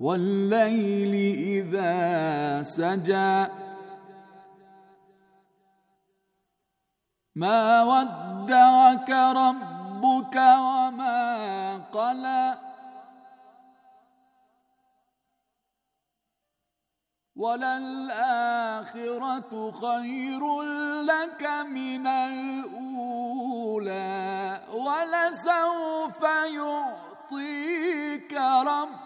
والليل إذا سجى ما ودعك ربك وما قلى وللآخرة خير لك من الأولى ولسوف يعطيك ربك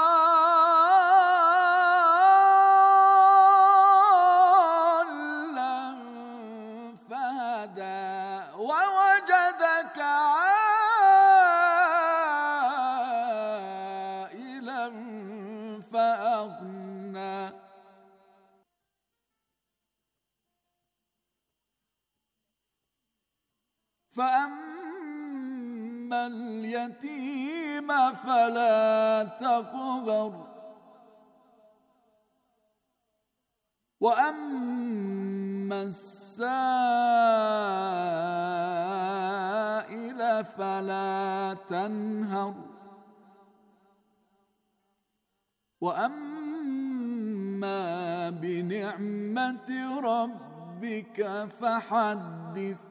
فأما اليتيم فلا تقهر وأما السائل فلا تنهر وأما بنعمة ربك فحدث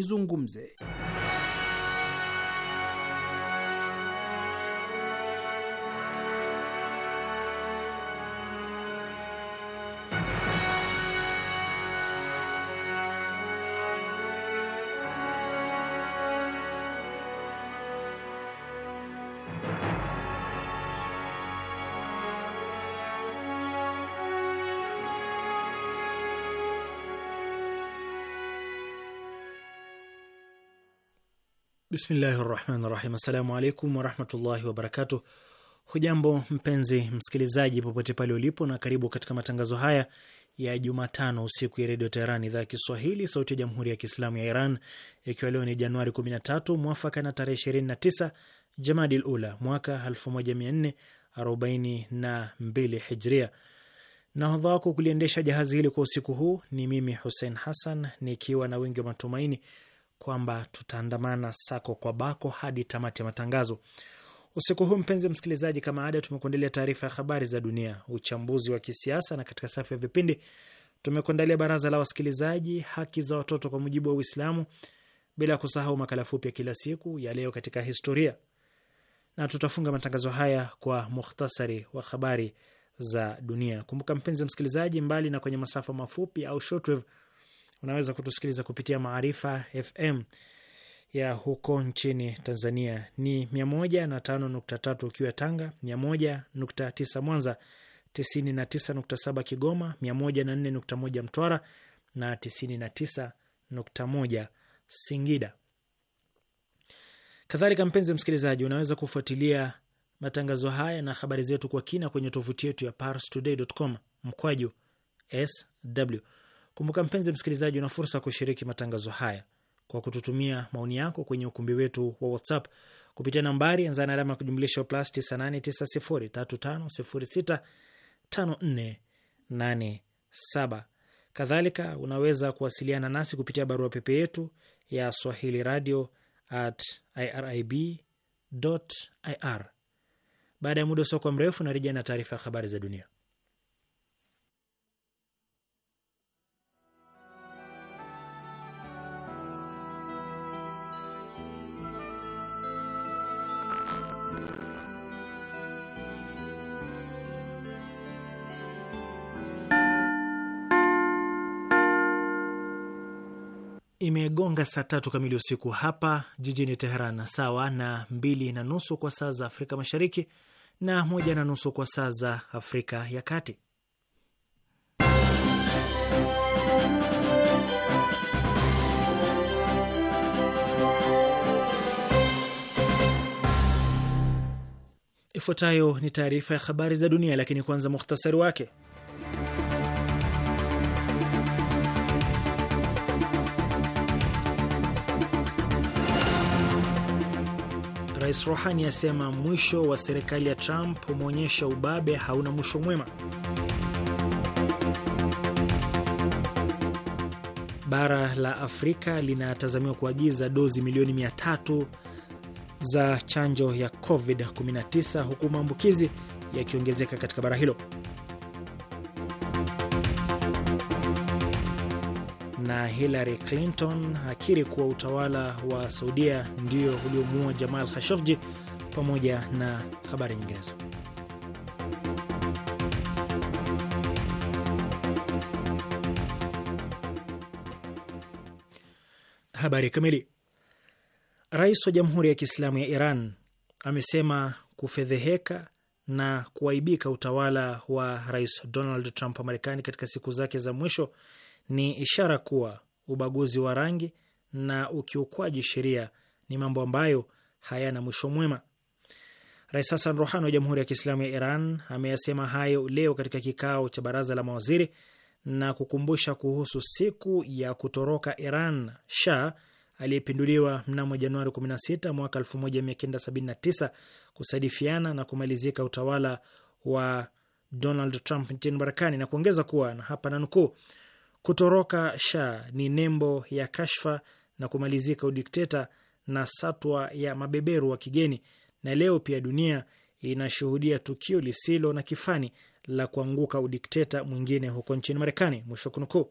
izungumze. Bismillahi rahmani rahim. Assalamu alaikum warahmatullahi wabarakatu. Hujambo mpenzi msikilizaji, popote pale ulipo, na karibu katika matangazo haya ya Jumatano usiku ya redio Teheran, idhaa ya Kiswahili, sauti ya jamhuri ya kiislamu ya Iran, ikiwa leo ni Januari 13 mwafaka na tarehe 29 Jamadil Ula mwaka 1442 Hijria. Nahodha wako kuliendesha jahazi hili kwa usiku huu ni mimi Hussein Hassan, nikiwa na wingi wa matumaini kwamba tutaandamana sako kwa bako hadi tamati ya matangazo usiku huu. Mpenzi msikilizaji, kama ada, tumekuandalia taarifa ya habari za dunia, uchambuzi wa kisiasa, na katika safu ya vipindi tumekuandalia baraza la wasikilizaji, haki za watoto kwa mujibu wa Uislamu, bila kusahau makala fupi ya kila siku ya leo katika historia, na tutafunga matangazo haya kwa mukhtasari wa habari za dunia. Kumbuka mpenzi msikilizaji, mbali na kwenye masafa mafupi au shortwave unaweza kutusikiliza kupitia Maarifa FM ya huko nchini Tanzania ni mia ukiwa Tanga, mia Mwanza, 997 Kigoma, mia Mtwara na 991 Singida. Kadhalika, mpenzi msikilizaji, unaweza kufuatilia matangazo haya na habari zetu kwa kina kwenye tovuti yetu ya parstoday.com mkwaju sw Kumbuka mpenzi msikilizaji, una fursa kushiriki matangazo haya kwa kututumia maoni yako kwenye ukumbi wetu wa WhatsApp kupitia nambari anza na alama ya kujumlisha plus 989035065487. Kadhalika unaweza kuwasiliana nasi kupitia barua pepe yetu ya swahili radio at irib ir. Baada ya muda usiokuwa mrefu, narejea na taarifa ya habari za dunia. Imegonga saa tatu kamili usiku hapa jijini Teheran, sawa na mbili na nusu kwa saa za Afrika Mashariki na moja na nusu kwa saa za Afrika ya Kati. Ifuatayo ni taarifa ya habari za dunia, lakini kwanza muhtasari wake. Rais Rohani asema mwisho wa serikali ya Trump umeonyesha ubabe hauna mwisho mwema. Bara la Afrika linatazamiwa kuagiza dozi milioni tatu za chanjo ya COVID-19 huku maambukizi yakiongezeka katika bara hilo. na Hillary Clinton akiri kuwa utawala wa Saudia ndio uliomuua Jamal Khashoggi pamoja na habari nyinginezo. Habari kamili. Rais wa Jamhuri ya Kiislamu ya Iran amesema kufedheheka na kuaibika utawala wa Rais Donald Trump wa Marekani katika siku zake za mwisho ni ishara kuwa ubaguzi wa rangi na ukiukwaji sheria ni mambo ambayo hayana mwisho mwema. Rais Hassan Rohani wa Jamhuri ya Kiislamu ya Iran ameyasema hayo leo katika kikao cha baraza la mawaziri na kukumbusha kuhusu siku ya kutoroka Iran Shah aliyepinduliwa mnamo Januari 16 mwaka 1979 kusadifiana na kumalizika utawala wa Donald Trump nchini Marekani, na kuongeza kuwa na hapa na nukuu Kutoroka sha ni nembo ya kashfa na kumalizika udikteta na satwa ya mabeberu wa kigeni. Na leo pia dunia inashuhudia tukio lisilo na kifani la kuanguka udikteta mwingine huko nchini Marekani. Mwisho kunukuu.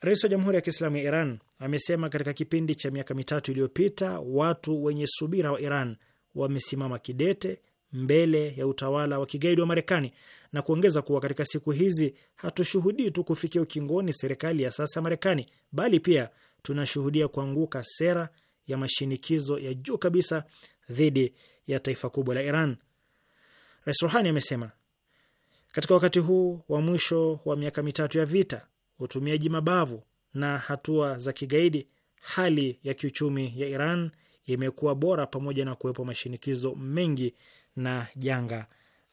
Rais wa Jamhuri ya Kiislamu ya Iran amesema katika kipindi cha miaka mitatu iliyopita watu wenye subira wa Iran wamesimama kidete mbele ya utawala wa kigaidi wa Marekani na kuongeza kuwa katika siku hizi hatushuhudii tu kufikia ukingoni serikali ya sasa ya Marekani, bali pia tunashuhudia kuanguka sera ya mashinikizo ya juu kabisa dhidi ya taifa kubwa la Iran. Rais Rohani amesema katika wakati huu wa mwisho wa miaka mitatu ya vita, utumiaji mabavu na hatua za kigaidi, hali ya kiuchumi ya Iran imekuwa bora pamoja na kuwepo mashinikizo mengi na janga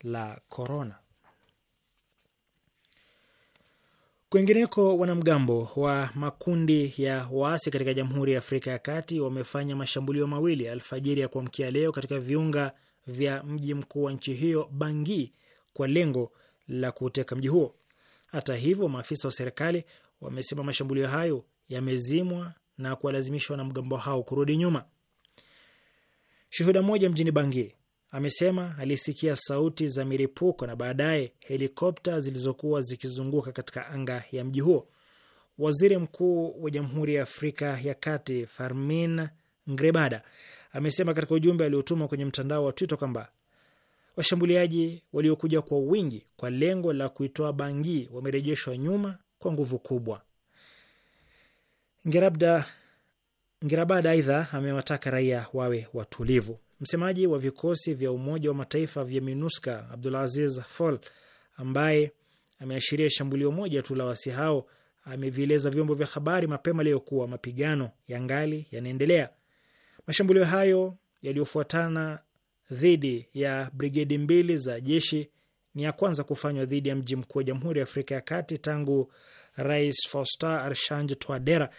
la korona. Kwingineko, wanamgambo wa makundi ya waasi katika Jamhuri ya Afrika ya Kati wamefanya mashambulio mawili alfajiri ya kuamkia leo katika viunga vya mji mkuu wa nchi hiyo Bangi, kwa lengo la kuuteka mji huo. Hata hivyo, maafisa wa serikali wamesema mashambulio hayo yamezimwa na kuwalazimisha wanamgambo hao kurudi nyuma. Shuhuda moja mjini Bangi amesema alisikia sauti za milipuko na baadaye helikopta zilizokuwa zikizunguka katika anga ya mji huo. Waziri Mkuu wa Jamhuri ya Afrika ya Kati Farmin Ngrebada amesema katika ujumbe aliotuma kwenye mtandao wa Twitter kwamba washambuliaji waliokuja kwa wingi kwa lengo la kuitoa Bangi wamerejeshwa nyuma kwa nguvu kubwa. Ngerabda Ngerabada aidha amewataka raia wawe watulivu. Msemaji wa vikosi vya Umoja wa Mataifa vya MINUSCA Abdulaziz Fall, ambaye ameashiria shambulio moja tu la wasi hao, amevieleza vyombo vya habari mapema leo kuwa mapigano yangali yanaendelea. Mashambulio hayo yaliyofuatana dhidi ya brigedi mbili za jeshi ni ya kwanza kufanywa dhidi ya mji mkuu wa Jamhuri ya Afrika ya Kati tangu Rais Faustin Archange Touadera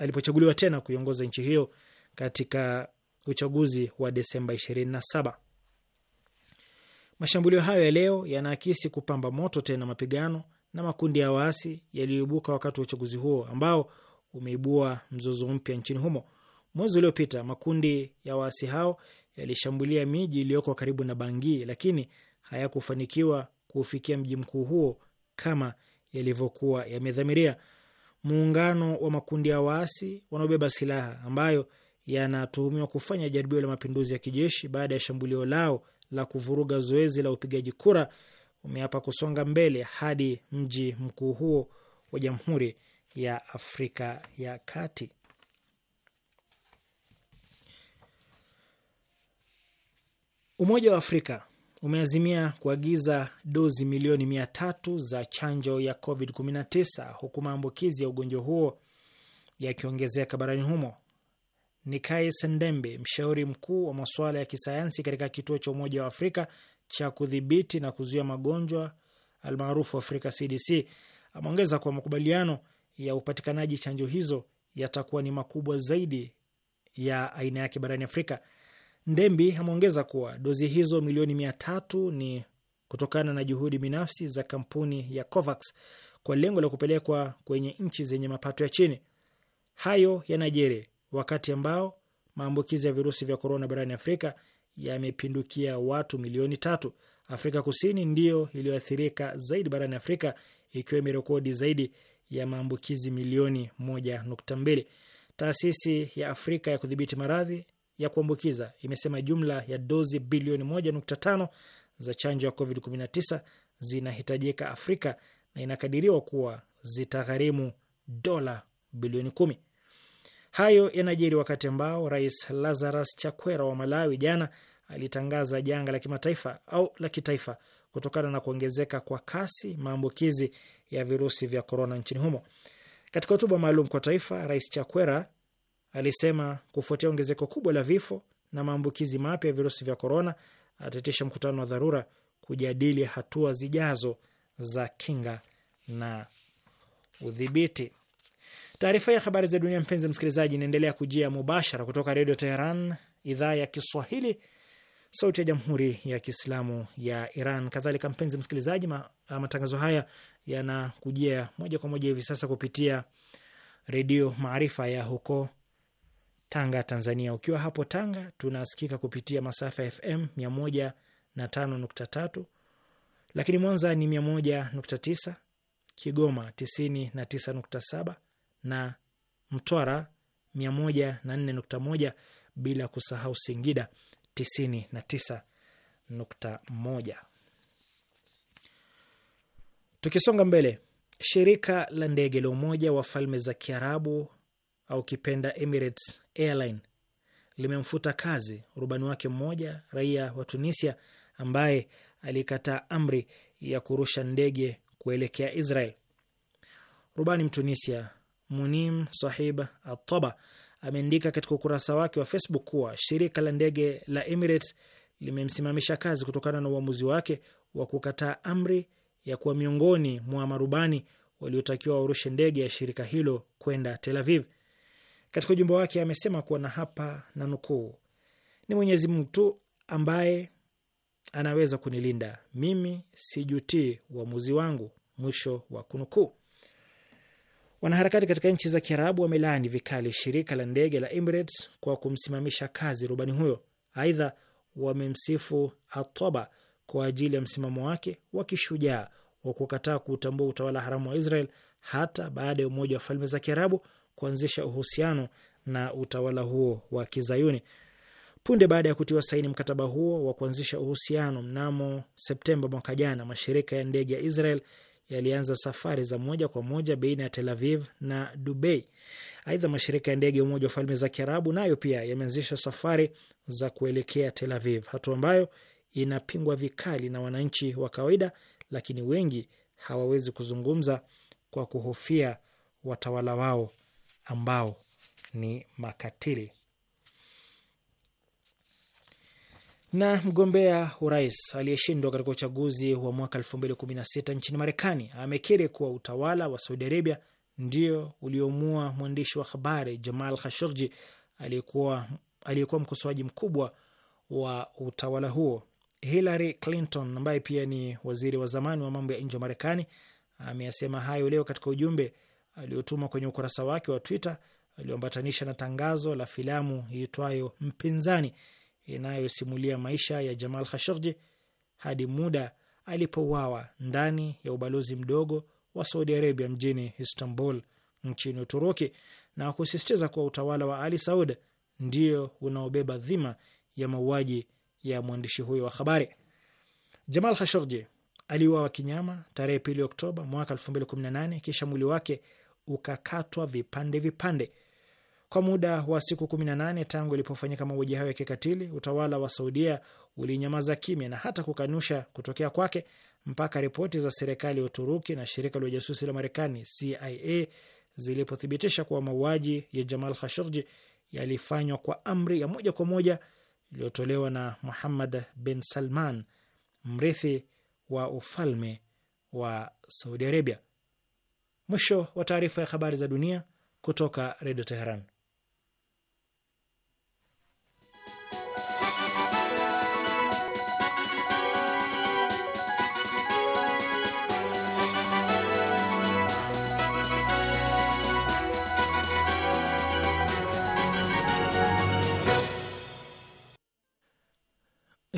alipochaguliwa tena kuiongoza nchi hiyo katika uchaguzi wa Desemba 27. Mashambulio hayo ya leo yanaakisi kupamba moto tena mapigano na makundi ya waasi yaliyoibuka wakati wa uchaguzi huo ambao umeibua mzozo mpya nchini humo. Mwezi uliopita makundi ya waasi hao yalishambulia miji iliyoko karibu na Bangi, lakini hayakufanikiwa kuufikia mji mkuu huo kama yalivyokuwa yamedhamiria. Muungano wa makundi ya waasi wanaobeba silaha ambayo yanatuhumiwa kufanya jaribio la mapinduzi ya kijeshi baada ya shambulio lao la kuvuruga zoezi la upigaji kura umeapa kusonga mbele hadi mji mkuu huo wa Jamhuri ya Afrika ya Kati. Umoja wa Afrika umeazimia kuagiza dozi milioni mia tatu za chanjo ya COVID-19 huku maambukizi ya ugonjwa huo yakiongezeka barani humo. Nikae Sendembe, mshauri mkuu wa masuala ya kisayansi katika kituo cha Umoja wa Afrika cha kudhibiti na kuzuia magonjwa almaarufu Afrika CDC, ameongeza kuwa makubaliano ya upatikanaji chanjo hizo yatakuwa ni makubwa zaidi ya aina yake barani Afrika. Ndembi ameongeza kuwa dozi hizo milioni mia tatu ni kutokana na juhudi binafsi za kampuni ya COVAX kwa lengo la kupelekwa kwenye nchi zenye mapato ya chini. Hayo yanajiri wakati ambao maambukizi ya virusi vya korona barani Afrika yamepindukia watu milioni tatu. Afrika Kusini ndiyo iliyoathirika zaidi barani Afrika ikiwa imerekodi zaidi ya maambukizi milioni moja nukta mbili. Taasisi ya Afrika ya kudhibiti maradhi ya kuambukiza imesema jumla ya dozi bilioni moja nukta tano za chanjo ya COVID-19 zinahitajika Afrika na inakadiriwa kuwa zitagharimu dola bilioni kumi. Hayo yanajiri wakati ambao Rais Lazarus Chakwera wa Malawi jana alitangaza janga la kimataifa au la kitaifa kutokana na kuongezeka kwa kasi maambukizi ya virusi vya korona nchini humo. Katika hotuba maalum kwa taifa, Rais Chakwera alisema kufuatia ongezeko kubwa la vifo na maambukizi mapya ya virusi vya korona, ataitisha mkutano wa dharura kujadili hatua zijazo za kinga na udhibiti. Taarifa ya habari za dunia, mpenzi msikilizaji, inaendelea kujia mubashara kutoka Redio Teheran, idhaa ya Kiswahili, sauti ya jamhuri ya kiislamu ya Iran. Kadhalika mpenzi msikilizaji, ah, matangazo haya yanakujia moja kwa moja hivi sasa kupitia Redio Maarifa ya huko Tanga, Tanzania. Ukiwa hapo Tanga, tunasikika kupitia masafa ya FM 105.3, lakini Mwanza ni 101.9, Kigoma 99.7 na Mtwara 104.1 bila kusahau Singida 99.1. Tukisonga mbele, shirika la ndege la Umoja wa Falme za Kiarabu au kipenda Emirates Airline limemfuta kazi rubani wake mmoja raia wa Tunisia ambaye alikataa amri ya kurusha ndege kuelekea Israel. Rubani Mtunisia Munim Sahib Ataba ameandika katika ukurasa wake wa Facebook kuwa shirika la ndege la Emirates limemsimamisha kazi kutokana na uamuzi wake wa kukataa amri ya kuwa miongoni mwa marubani waliotakiwa warushe ndege ya shirika hilo kwenda Tel Aviv. Katika ujumbe wake amesema kuwa na hapa na nukuu, ni Mwenyezi Mungu tu ambaye anaweza kunilinda mimi, sijutii uamuzi wangu, mwisho wa kunukuu. Wanaharakati katika nchi za Kiarabu wamelaani vikali shirika la ndege la Emirates kwa kumsimamisha kazi rubani huyo. Aidha, wamemsifu Atoba kwa ajili ya msimamo wake wa kishujaa wa kukataa kuutambua utawala haramu wa Israel hata baada ya Umoja wa Falme za Kiarabu kuanzisha uhusiano na utawala huo wa Kizayuni. Punde baada ya kutiwa saini mkataba huo wa kuanzisha uhusiano mnamo Septemba mwaka jana, mashirika ya ndege ya Israel yalianza safari za moja kwa moja baina ya Tel Aviv na Dubai. Aidha, mashirika ya ndege ya Umoja wa Falme za Kiarabu nayo pia yameanzisha safari za kuelekea Tel Aviv, hatua ambayo inapingwa vikali na wananchi wa kawaida, lakini wengi hawawezi kuzungumza kwa kuhofia watawala wao ambao ni makatili. Na mgombea urais aliyeshindwa katika uchaguzi wa mwaka 2016 nchini Marekani amekiri kuwa utawala wa Saudi Arabia ndio uliomua mwandishi wa habari Jamal Khashoggi aliyekuwa aliyekuwa mkosoaji mkubwa wa utawala huo. Hillary Clinton ambaye pia ni waziri wa zamani wa mambo ya nje wa Marekani ameyasema hayo leo katika ujumbe aliotuma kwenye ukurasa wake wa Twitter alioambatanisha na tangazo la filamu iitwayo Mpinzani inayosimulia maisha ya Jamal Khashoggi hadi muda alipouawa ndani ya ubalozi mdogo wa Saudi Arabia mjini Istanbul nchini Uturuki, na kusisitiza kuwa utawala wa Ali Saud ndio unaobeba dhima ya mauaji ya mwandishi huyo wa habari. Jamal Khashoggi aliuawa kinyama tarehe pili Oktoba mwaka 2018 kisha mwili wake ukakatwa vipande vipande. Kwa muda wa siku 18 tangu ilipofanyika mauaji hayo ya kikatili, utawala wa Saudia ulinyamaza kimya na hata kukanusha kutokea kwake mpaka ripoti za serikali ya Uturuki na shirika la ujasusi la Marekani CIA zilipothibitisha kuwa mauaji ya Jamal Khashoggi yalifanywa kwa amri ya moja kwa moja iliyotolewa na Muhammad bin Salman, mrithi wa ufalme wa Saudi Arabia. Mwisho wa taarifa ya habari za dunia kutoka Redio Teheran.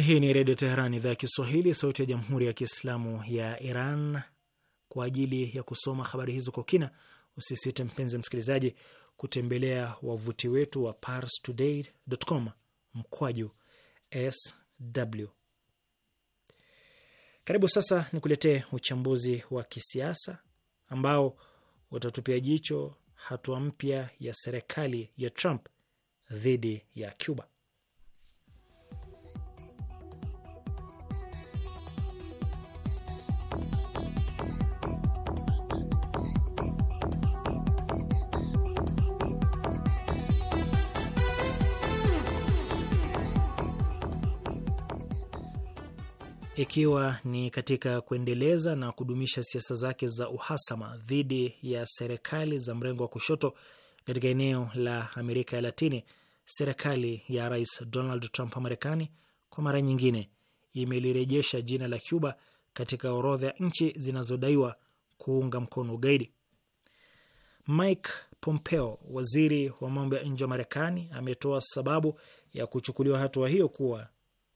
Hii ni Redio Teheran, idhaa ya Kiswahili, sauti ya Jamhuri ya Kiislamu ya Iran. Kwa ajili ya kusoma habari hizo kwa kina, usisite mpenzi msikilizaji, kutembelea wavuti wetu wa parstoday.com mkwaju sw. Karibu sasa ni kuletee uchambuzi wa kisiasa ambao utatupia jicho hatua mpya ya serikali ya Trump dhidi ya Cuba. ikiwa ni katika kuendeleza na kudumisha siasa zake za uhasama dhidi ya serikali za mrengo wa kushoto katika eneo la Amerika ya Latini. Serikali ya Rais Donald Trump wa Marekani kwa mara nyingine imelirejesha jina la Cuba katika orodha ya nchi zinazodaiwa kuunga mkono ugaidi. Mike Pompeo, waziri wa mambo ya nje wa Marekani, ametoa sababu ya kuchukuliwa hatua hiyo kuwa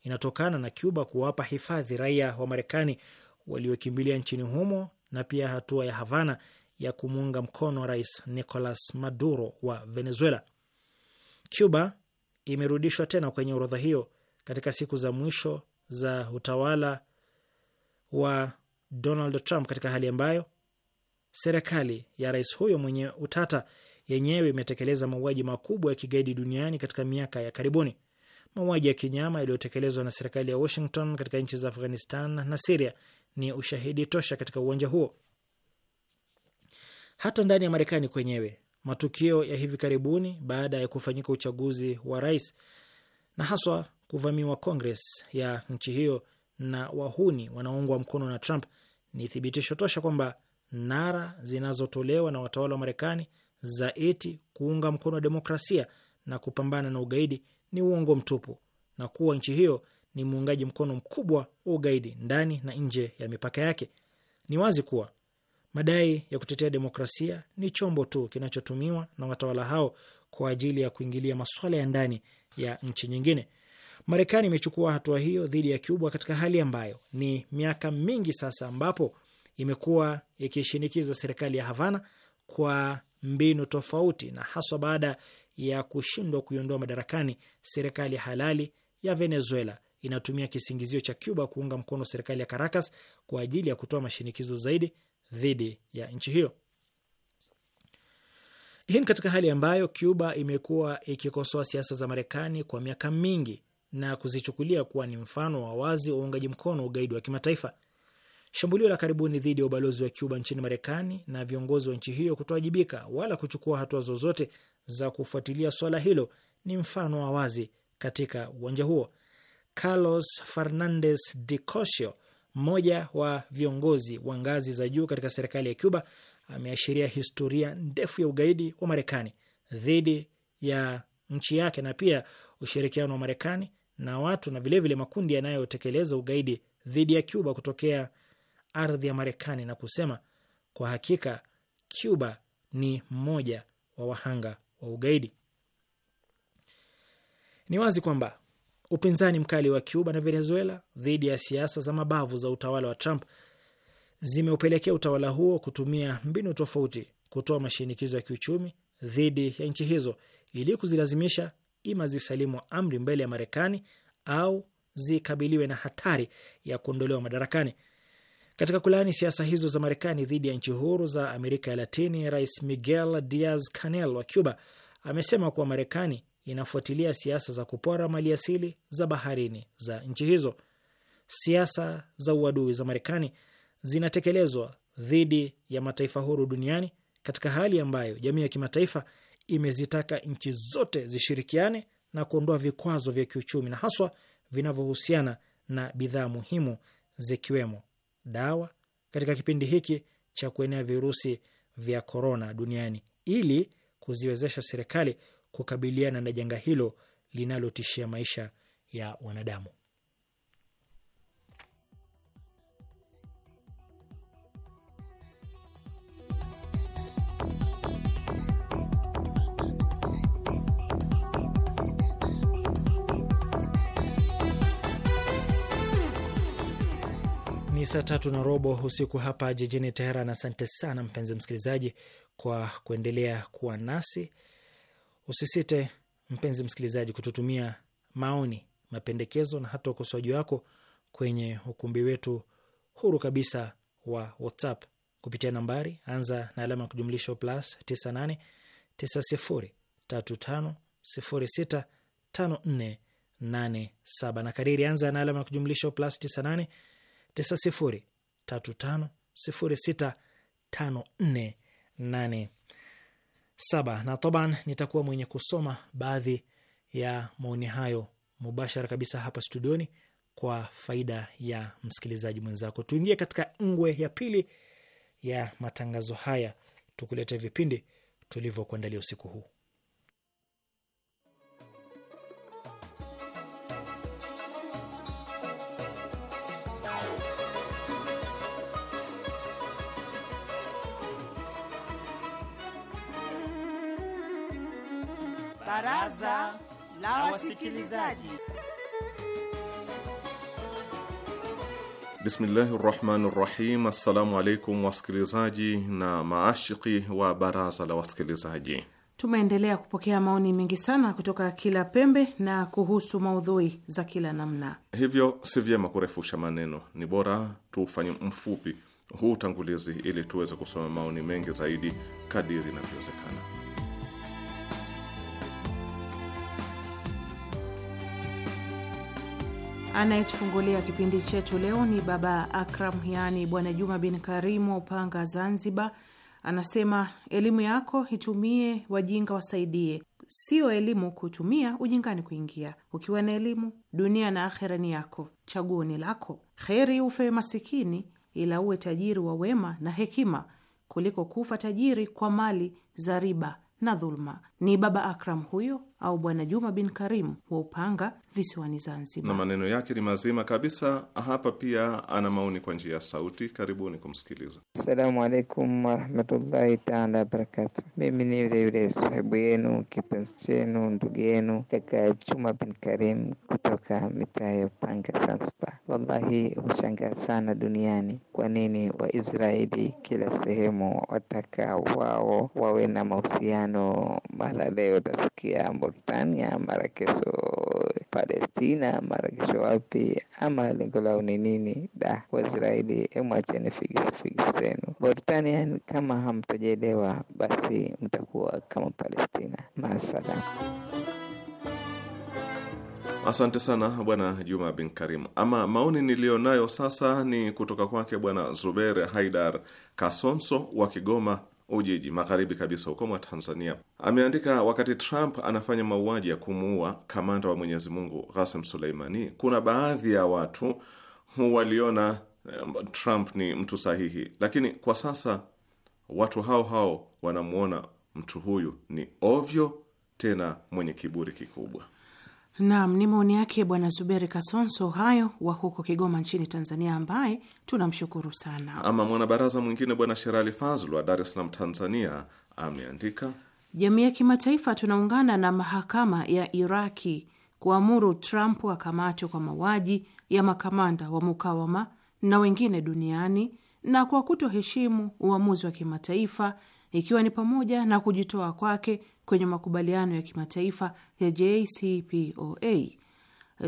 inatokana na Cuba kuwapa hifadhi raia wa Marekani waliokimbilia nchini humo na pia hatua ya Havana ya kumuunga mkono Rais Nicolas Maduro wa Venezuela. Cuba imerudishwa tena kwenye orodha hiyo katika siku za mwisho za utawala wa Donald Trump, katika hali ambayo serikali ya rais huyo mwenye utata yenyewe imetekeleza mauaji makubwa ya kigaidi duniani katika miaka ya karibuni. Mauaji ya kinyama yaliyotekelezwa na serikali ya Washington katika nchi za Afghanistan na Siria ni ushahidi tosha katika uwanja huo. Hata ndani ya Marekani kwenyewe matukio ya hivi karibuni baada ya kufanyika uchaguzi wa rais na haswa kuvamiwa Kongres ya nchi hiyo na wahuni wanaoungwa mkono na Trump ni thibitisho tosha kwamba nara zinazotolewa na watawala wa Marekani za eti kuunga mkono demokrasia na kupambana na ugaidi ni uongo mtupu na kuwa nchi hiyo ni muungaji mkono mkubwa wa ugaidi ndani na nje ya mipaka yake. Ni wazi kuwa madai ya kutetea demokrasia ni chombo tu kinachotumiwa na watawala hao kwa ajili ya kuingilia masuala ya ndani ya nchi nyingine. Marekani imechukua hatua hiyo dhidi ya Cuba katika hali ambayo ni miaka mingi sasa, ambapo imekuwa ikishinikiza serikali ya Havana kwa mbinu tofauti, na haswa baada ya kushindwa kuiondoa madarakani serikali halali ya Venezuela inatumia kisingizio cha Cuba kuunga mkono serikali ya Caracas kwa ajili ya kutoa mashinikizo zaidi dhidi ya nchi hiyo. Hii ni katika hali ambayo Cuba imekuwa ikikosoa siasa za Marekani kwa miaka mingi na kuzichukulia kuwa ni mfano wa wazi wa uungaji mkono ugaidi wa kimataifa. Shambulio la karibuni dhidi ya ubalozi wa Cuba nchini Marekani na viongozi wa nchi hiyo kutowajibika wala kuchukua hatua zozote za kufuatilia swala hilo ni mfano wa wazi katika uwanja huo. Carlos Fernandez de Cosio, mmoja wa viongozi wa ngazi za juu katika serikali ya Cuba, ameashiria historia ndefu ya ugaidi wa Marekani dhidi ya nchi yake na pia ushirikiano wa Marekani na watu na vilevile vile makundi yanayotekeleza ugaidi dhidi ya Cuba kutokea ardhi ya Marekani na kusema, kwa hakika Cuba ni mmoja wa wahanga wa ugaidi. Ni wazi kwamba upinzani mkali wa Cuba na Venezuela dhidi ya siasa za mabavu za utawala wa Trump zimeupelekea utawala huo kutumia mbinu tofauti kutoa mashinikizo ya kiuchumi dhidi ya nchi hizo ili kuzilazimisha ima zisalimu amri mbele ya Marekani au zikabiliwe na hatari ya kuondolewa madarakani. Katika kulaani siasa hizo za Marekani dhidi ya nchi huru za Amerika ya Latini, Rais Miguel Diaz Canel wa Cuba amesema kuwa Marekani inafuatilia siasa za kupora maliasili za baharini za nchi hizo. Siasa za uadui za Marekani zinatekelezwa dhidi ya mataifa huru duniani katika hali ambayo jamii ya kimataifa imezitaka nchi zote zishirikiane na kuondoa vikwazo vya kiuchumi na haswa vinavyohusiana na bidhaa muhimu zikiwemo dawa katika kipindi hiki cha kuenea virusi vya korona duniani ili kuziwezesha serikali kukabiliana na janga hilo linalotishia maisha ya wanadamu. ni saa tatu na robo usiku hapa jijini Teheran. Asante sana mpenzi msikilizaji kwa kuendelea kuwa nasi. Usisite mpenzi msikilizaji kututumia maoni, mapendekezo na hata ukosoaji wako kwenye ukumbi wetu huru kabisa wa WhatsApp kupitia nambari, anza na alama ya kujumlisha plus 98 na kariri, anza na alama ya kujumlisha plus 98 tisa Na taban nitakuwa mwenye kusoma baadhi ya maoni hayo mubashara kabisa hapa studioni kwa faida ya msikilizaji mwenzako. Tuingie katika ngwe ya pili ya matangazo haya, tukulete vipindi tulivyokuandalia usiku huu. Baraza la Wasikilizaji. Bismillahi rahmani rahim. Assalamu alaikum wasikilizaji na maashiki wa baraza la wasikilizaji. Tumeendelea kupokea maoni mengi sana kutoka kila pembe na kuhusu maudhui za kila namna, hivyo si vyema kurefusha maneno, ni bora tuufanye mfupi huu utangulizi ili tuweze kusoma maoni mengi zaidi kadiri inavyowezekana. Anayetufungulia kipindi chetu leo ni Baba Akram, yaani Bwana Juma bin Karimu wa Upanga, Zanzibar. Anasema elimu yako itumie, wajinga wasaidie, siyo elimu kutumia ujingani kuingia. Ukiwa na elimu, dunia na akhera ni yako, chaguo ni lako. Kheri ufe masikini, ila uwe tajiri wa wema na hekima, kuliko kufa tajiri kwa mali za riba na dhuluma. Ni Baba Akram huyo au Bwana Juma bin karim wa Upanga visiwani Zanzibar, na maneno yake ni mazima kabisa. Hapa pia ana maoni kwa njia ya sauti, karibuni kumsikiliza. Assalamu alaikum warahmatullahi taala wabarakatu. Mimi ni yule yule sahibu yenu kipenzi chenu ndugu yenu kaka Juma bin karim kutoka mitaa ya Upanga Zanzibar. Wallahi hushangaa sana duniani, kwa nini Waisraeli kila sehemu wataka wao wawe na mahusiano, mara leo utasikia Hispania, mara kesho Palestina, mara kesho wapi, ama lengo lao ni nini? Da, Waisraeli emwacheni figisi figisi zenu. Bortania, kama hamtojelewa basi mtakuwa kama Palestina. Masala. Asante sana Bwana Juma bin Karim. Ama maoni niliyonayo sasa ni kutoka kwake Bwana Zuber Haidar Kasonso wa Kigoma Ujiji, magharibi kabisa huko mwa Tanzania. Ameandika, wakati Trump anafanya mauaji ya kumuua kamanda wa Mwenyezi Mungu Suleimani, kuna baadhi ya watu waliona eh, Trump ni mtu sahihi, lakini kwa sasa watu hao hao wanamwona mtu huyu ni ovyo, tena mwenye kiburi kikubwa. Naam, ni maoni yake Bwana Zuberi Kasonso hayo wa huko Kigoma nchini Tanzania, ambaye tunamshukuru sana. Ama mwanabaraza mwingine Bwana Sherali Fazl wa Dar es Salaam, Tanzania, ameandika jamii ya kimataifa tunaungana na mahakama ya Iraki kuamuru Trump akamatwe kwa mauaji ya makamanda wa mukawama na wengine duniani na kwa kutoheshimu uamuzi wa kimataifa, ikiwa ni pamoja na kujitoa kwake kwenye makubaliano ya kimataifa ya JCPOA.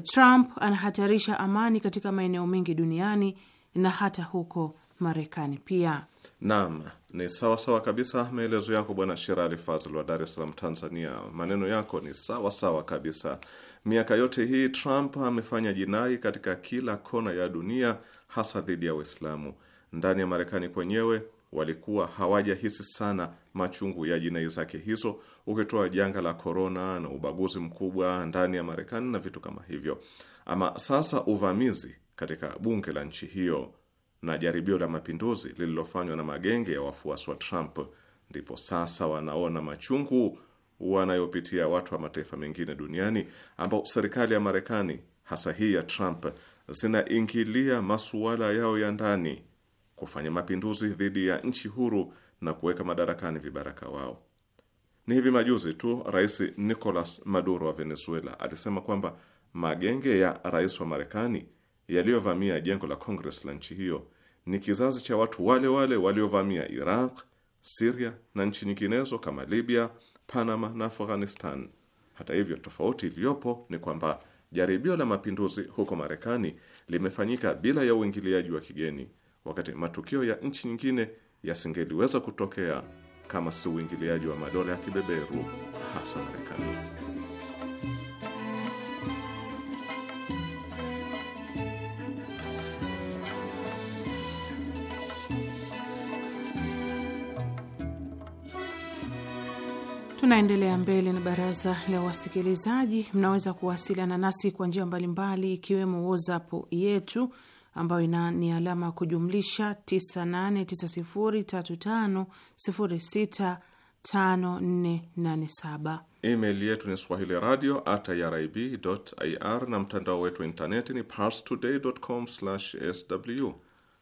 Trump anahatarisha amani katika maeneo mengi duniani na hata huko Marekani pia. Naam, ni sawa sawa kabisa maelezo yako Bwana Shirali Fazl wa Dar es Salaam, Tanzania. Maneno yako ni sawa sawa kabisa. Miaka yote hii Trump amefanya jinai katika kila kona ya dunia, hasa dhidi ya Waislamu. Ndani ya Marekani kwenyewe walikuwa hawajahisi sana machungu ya jinai zake hizo, ukitoa janga la korona na ubaguzi mkubwa ndani ya Marekani na vitu kama hivyo. Ama sasa uvamizi katika bunge la nchi hiyo na jaribio la mapinduzi lililofanywa na magenge ya wafuasi wa Trump, ndipo sasa wanaona machungu wanayopitia watu wa mataifa mengine duniani ambao serikali ya Marekani hasa hii ya Trump zinaingilia masuala yao ya ndani kufanya mapinduzi dhidi ya nchi huru na kuweka madarakani vibaraka wao. Ni hivi majuzi tu Rais Nicolas Maduro wa Venezuela alisema kwamba magenge ya rais wa Marekani yaliyovamia jengo la Congress la nchi hiyo ni kizazi cha watu wale wale waliovamia Iraq, Siria na nchi nyinginezo kama Libya, Panama na Afghanistan. Hata hivyo, tofauti iliyopo ni kwamba jaribio la mapinduzi huko Marekani limefanyika bila ya uingiliaji wa kigeni wakati matukio ya nchi nyingine yasingeliweza kutokea kama si uingiliaji wa madola ya kibeberu hasa Marekani. Tunaendelea mbele na baraza la wasikilizaji. Mnaweza kuwasiliana nasi kwa njia mbalimbali, ikiwemo WhatsApp yetu ambayo ina ni alama ya kujumlisha 989035065487. Email yetu ni swahili radio at irib ir, na mtandao wetu wa intaneti ni parstoday.com sw.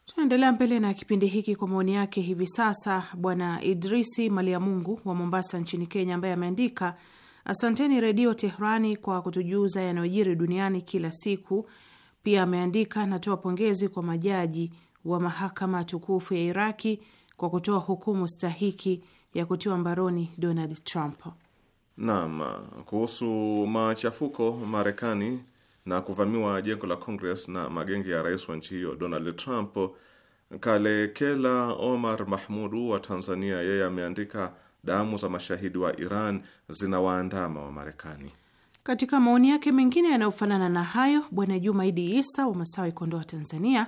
Tunaendelea mbele na kipindi hiki kwa maoni yake hivi sasa, Bwana Idrisi Maliamungu wa Mombasa nchini Kenya, ambaye ameandika asanteni Redio Tehrani kwa kutujuza yanayojiri duniani kila siku pia ameandika anatoa pongezi kwa majaji wa mahakama tukufu ya Iraki kwa kutoa hukumu stahiki ya kutiwa mbaroni Donald Trump. Naam, kuhusu machafuko Marekani na kuvamiwa jengo la Congress na magenge ya rais wa nchi hiyo Donald Trump, Kalekela Omar Mahmudu wa Tanzania, yeye ameandika damu za mashahidi wa Iran zinawaandama wa Marekani. Katika maoni yake mengine yanayofanana na hayo, Bwana Jumaidi Isa wa Masawi, Kondoa, Tanzania,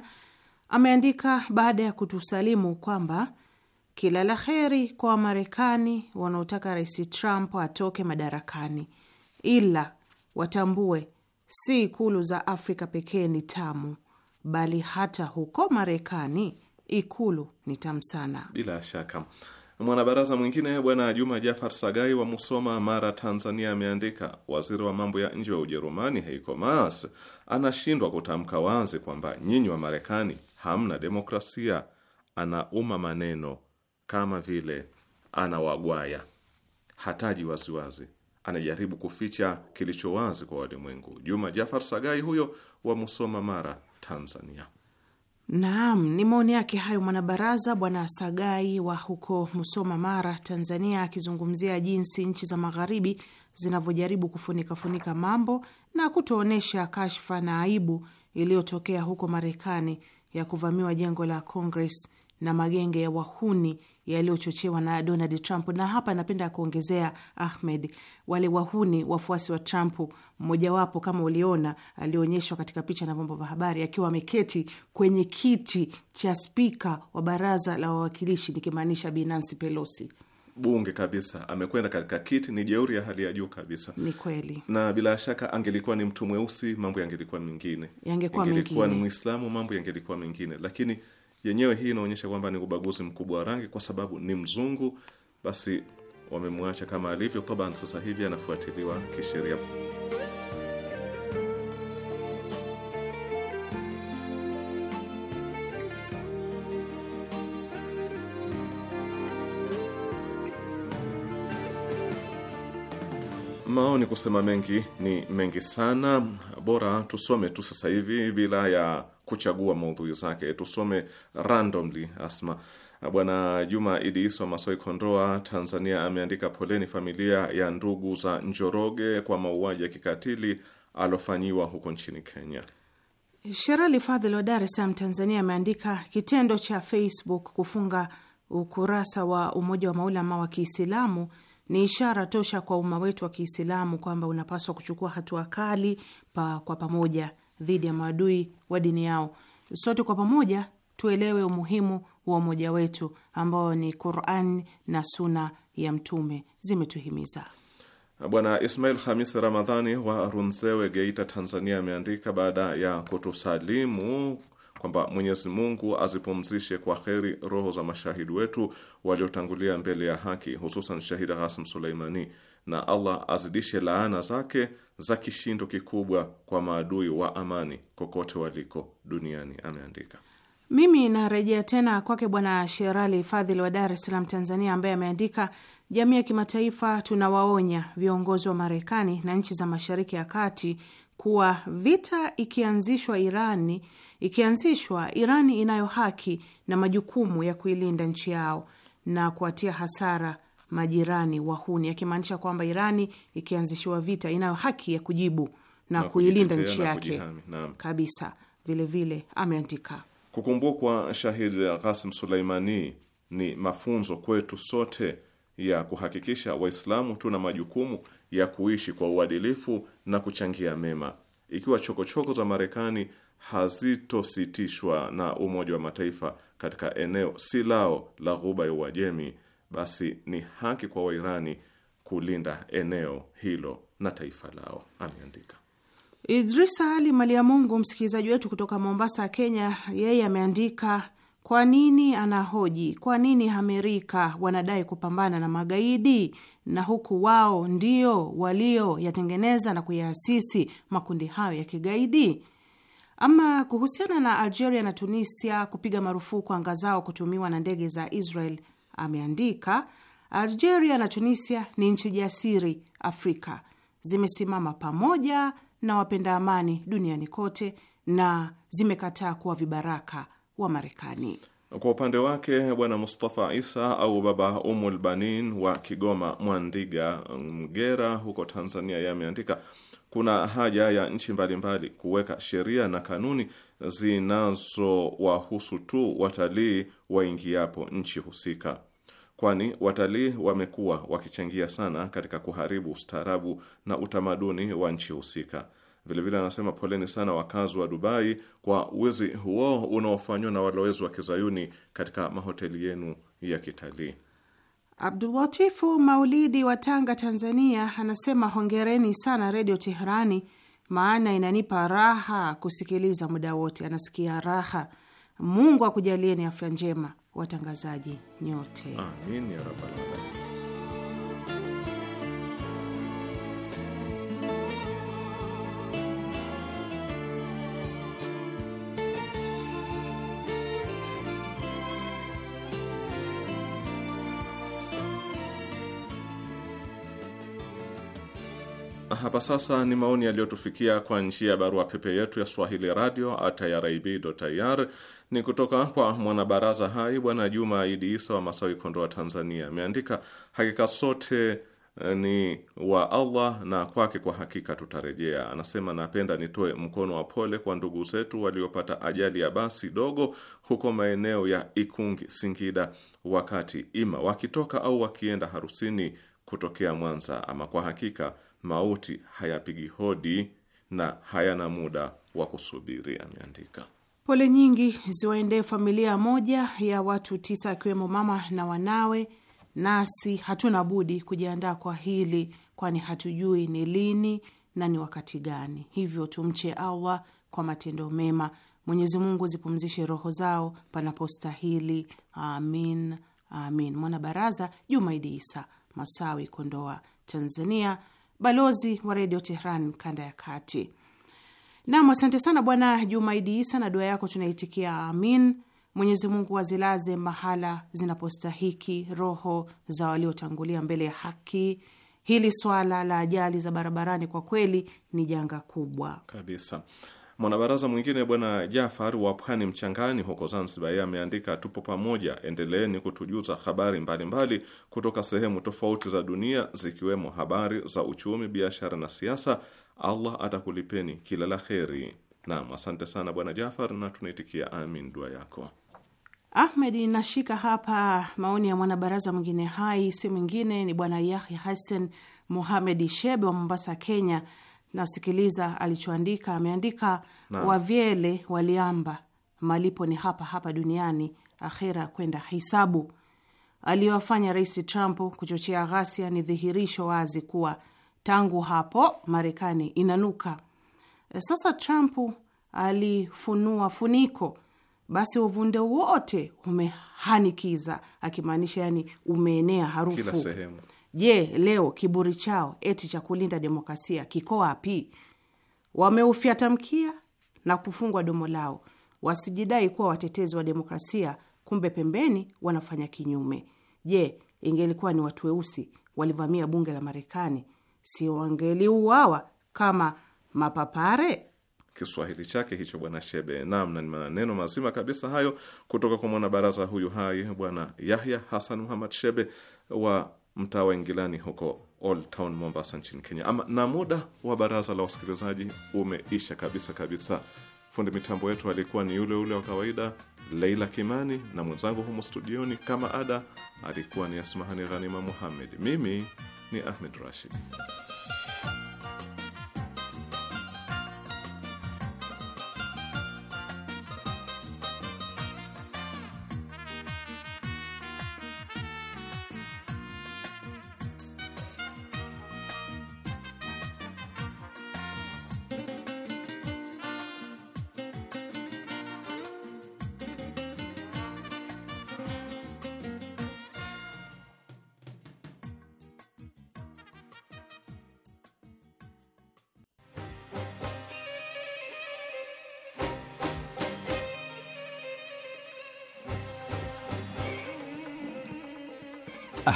ameandika baada ya kutusalimu kwamba kila la heri kwa Wamarekani wanaotaka Rais Trump atoke madarakani, ila watambue si ikulu za Afrika pekee ni tamu, bali hata huko Marekani ikulu ni tamu sana. Bila shaka Mwanabaraza mwingine Bwana Juma Jafar Sagai wa Musoma, Mara, Tanzania, ameandika waziri wa mambo ya nje wa Ujerumani Heiko Maas anashindwa kutamka wazi kwamba nyinyi wa Marekani hamna demokrasia. Anauma maneno kama vile anawagwaya, hataji waziwazi Anajaribu kuficha kilicho wazi kwa walimwengu. Juma Jafar Sagai huyo wa Musoma, Mara, Tanzania. Naam, ni maoni yake hayo mwanabaraza Bwana Sagai wa huko Musoma, Mara, Tanzania, akizungumzia jinsi nchi za Magharibi zinavyojaribu kufunikafunika mambo na kutoonyesha kashfa na aibu iliyotokea huko Marekani ya kuvamiwa jengo la Congress na magenge ya wahuni yaliyochochewa na Donald Trump. Na hapa napenda kuongezea Ahmed, wale wahuni wafuasi wa Trump, mmojawapo kama uliona alionyeshwa katika picha na vyombo vya habari akiwa ameketi kwenye kiti cha spika wa baraza la wawakilishi, nikimaanisha Bi Nancy Pelosi bunge kabisa, amekwenda katika kiti. Ni jeuri ya hali ya juu kabisa, ni kweli. Na bila shaka angelikuwa ni mtu mweusi, mambo yangelikuwa mengine, yangelikuwa ni Mwislamu, mambo yangelikuwa mengine, lakini yenyewe hii inaonyesha kwamba ni ubaguzi mkubwa wa rangi, kwa sababu ni mzungu, basi wamemwacha kama alivyo. toban sasa hivi anafuatiliwa kisheria. Maoni kusema mengi ni mengi sana, bora tusome tu sasa hivi bila ya kuchagua maudhui zake. Tusome randomly. Asma Bwana Juma Idi Masoi, Kondoa, Tanzania, ameandika poleni familia ya ndugu za Njoroge kwa mauaji ya kikatili alofanyiwa huko nchini Kenya. Sherali Fadhil wa Dar es Salaam, Tanzania, ameandika kitendo cha Facebook kufunga ukurasa wa Umoja wa Maulama wa Kiislamu ni ishara tosha kwa umma wetu wa Kiislamu kwamba unapaswa kuchukua hatua kali pa, kwa pamoja dhidi ya maadui wa dini yao. Sote kwa pamoja tuelewe umuhimu wa umoja wetu ambao ni Qur'an na Suna ya Mtume zimetuhimiza. Bwana Ismail Hamis Ramadhani wa Runzewe, Geita, Tanzania, ameandika baada ya kutusalimu kwamba Mwenyezi Mungu azipumzishe kwa kheri roho za mashahidi wetu waliotangulia mbele ya haki, hususan Shahid ghasim Suleimani na Allah azidishe laana zake za kishindo kikubwa kwa maadui wa amani kokote waliko duniani, ameandika. Mimi narejea tena kwake Bwana Sherali Fadhili wa Dar es Salaam, Tanzania, ambaye ameandika jamii ya kimataifa, tunawaonya viongozi wa Marekani na nchi za Mashariki ya Kati kuwa vita ikianzishwa Irani ikianzishwa Irani inayo haki na majukumu ya kuilinda nchi yao na kuatia hasara majirani wahuni, akimaanisha kwamba Irani ikianzishiwa vita inayo haki ya kujibu na, na kuilinda nchi yake kabisa. Vilevile ameandika kukumbukwa shahid Qasim Suleimani ni mafunzo kwetu sote ya kuhakikisha Waislamu tuna majukumu ya kuishi kwa uadilifu na kuchangia mema. Ikiwa chokochoko choko za Marekani hazitositishwa na Umoja wa Mataifa katika eneo si lao la Ghuba ya Uajemi, basi ni haki kwa Wairani kulinda eneo hilo na taifa lao, ameandika Idrisa Ali mungu msikilizaji wetu kutoka Mombasa, Kenya. Yeye ameandika kwa nini anahoji, kwa nini Amerika wanadai kupambana na magaidi na huku wao ndio walioyatengeneza na kuyaasisi makundi hayo ya kigaidi? Ama kuhusiana na Algeria na Tunisia kupiga marufuku anga zao kutumiwa na ndege za Israel ameandika, Algeria na Tunisia ni nchi jasiri Afrika, zimesimama pamoja na wapenda amani duniani kote na zimekataa kuwa vibaraka wa Marekani. Kwa upande wake Bwana Mustafa Isa au Baba Umul Banin wa Kigoma Mwandiga Mgera huko Tanzania yameandika kuna haja ya nchi mbalimbali kuweka sheria na kanuni zinazowahusu tu watalii waingiapo nchi husika kwani watalii wamekuwa wakichangia sana katika kuharibu ustaarabu na utamaduni wa nchi husika. Vilevile anasema poleni sana wakazi wa Dubai kwa wizi huo unaofanywa na walowezi wa kizayuni katika mahoteli yenu ya kitalii. Abdulatifu Maulidi wa Tanga, Tanzania, anasema hongereni sana Redio Teherani, maana inanipa raha kusikiliza muda wote, anasikia raha. Mungu akujalieni afya njema watangazaji nyote, amin ya rabbal alamin. Hapa sasa ni maoni yaliyotufikia kwa njia ya barua pepe yetu ya swahili radio at irib.ir ni kutoka kwa mwanabaraza hai Bwana Juma idi Isa wa Masawi, Kondoa, Tanzania. Ameandika, hakika sote eh, ni wa Allah na kwake kwa hakika tutarejea. Anasema, napenda nitoe mkono wa pole kwa ndugu zetu waliopata ajali ya basi dogo huko maeneo ya Ikungi, Singida, wakati ima wakitoka au wakienda harusini kutokea Mwanza. Ama kwa hakika mauti hayapigi hodi na hayana muda wa kusubiri, ameandika. Pole nyingi ziwaendee familia moja ya watu tisa akiwemo mama na wanawe. Nasi hatuna budi kujiandaa kwa hili, kwani hatujui ni lini na ni wakati gani. Hivyo tumche Allah kwa matendo mema. Mwenyezi Mungu zipumzishe roho zao panapostahili. Amin, amin. baraza Jumaidi Isa Masawi, Kondoa, Tanzania, balozi wa Redio Tehran kanda ya kati. Nam, asante sana Bwana Jumaidi Isa, na dua yako tunaitikia amin. Mwenyezi Mungu azilaze mahala zinapostahiki roho za waliotangulia mbele ya haki. Hili swala la ajali za barabarani kwa kweli ni janga kubwa kabisa. Mwanabaraza mwingine Bwana Jafar wa Pwani Mchangani huko Zanzibar, yeye ameandika tupo pamoja, endeleeni kutujuza habari mbalimbali mbali kutoka sehemu tofauti za dunia zikiwemo habari za uchumi, biashara na siasa. Allah atakulipeni kila la heri. Naam, asante sana Bwana Jafar na tunaitikia amin dua yako. Ahmed, nashika hapa maoni ya mwanabaraza mwingine hai, si mwingine ni Bwana Yahya Hassan Muhamedi Shebe wa Mombasa, Kenya. Nasikiliza alichoandika. Ameandika na, wavyele waliamba, malipo ni hapa hapa duniani, akhera kwenda hisabu. Aliyowafanya Rais Trump kuchochea ghasia ni dhihirisho wazi kuwa tangu hapo Marekani inanuka. E, sasa Trump alifunua funiko, basi uvunde wote umehanikiza, akimaanisha yani umeenea harufu kila sehemu. Je, leo kiburi chao eti cha kulinda demokrasia kiko wapi? Wameufyata mkia na kufungwa domo lao, wasijidai kuwa watetezi wa demokrasia, kumbe pembeni wanafanya kinyume. Je, ingelikuwa ni watu weusi walivamia bunge la Marekani, si wangeliuawa kama mapapare? Kiswahili chake hicho Bwana Shebe. Naam, na ni maneno mazima kabisa hayo kutoka kwa mwanabaraza huyu hai Bwana Yahya Hasan Muhamad Shebe wa mtaa wa Ingilani huko Old Town Mombasa nchini Kenya. Ama, na muda wa baraza la wasikilizaji umeisha kabisa kabisa. Fundi mitambo yetu alikuwa ni yule yule wa kawaida Leila Kimani, na mwenzangu humo studioni kama ada alikuwa ni Asmahani Ghanima Muhammed. Mimi ni Ahmed Rashid.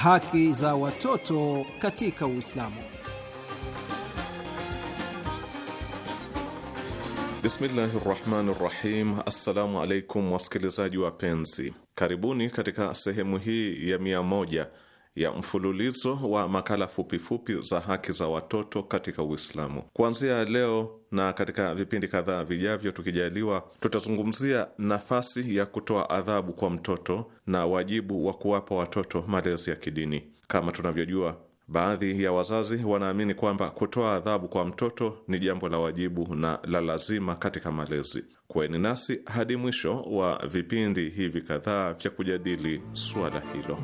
haki za watoto katika Uislamu. Bismillahi rahmani rahim. Assalamu alaikum wasikilizaji wapenzi, karibuni katika sehemu hii ya mia moja ya mfululizo wa makala fupifupi za haki za watoto katika Uislamu. Kuanzia leo na katika vipindi kadhaa vijavyo, tukijaliwa, tutazungumzia nafasi ya kutoa adhabu kwa mtoto na wajibu wa kuwapa watoto malezi ya kidini. Kama tunavyojua, baadhi ya wazazi wanaamini kwamba kutoa adhabu kwa mtoto ni jambo la wajibu na la lazima katika malezi. kweni nasi hadi mwisho wa vipindi hivi kadhaa vya kujadili suala hilo.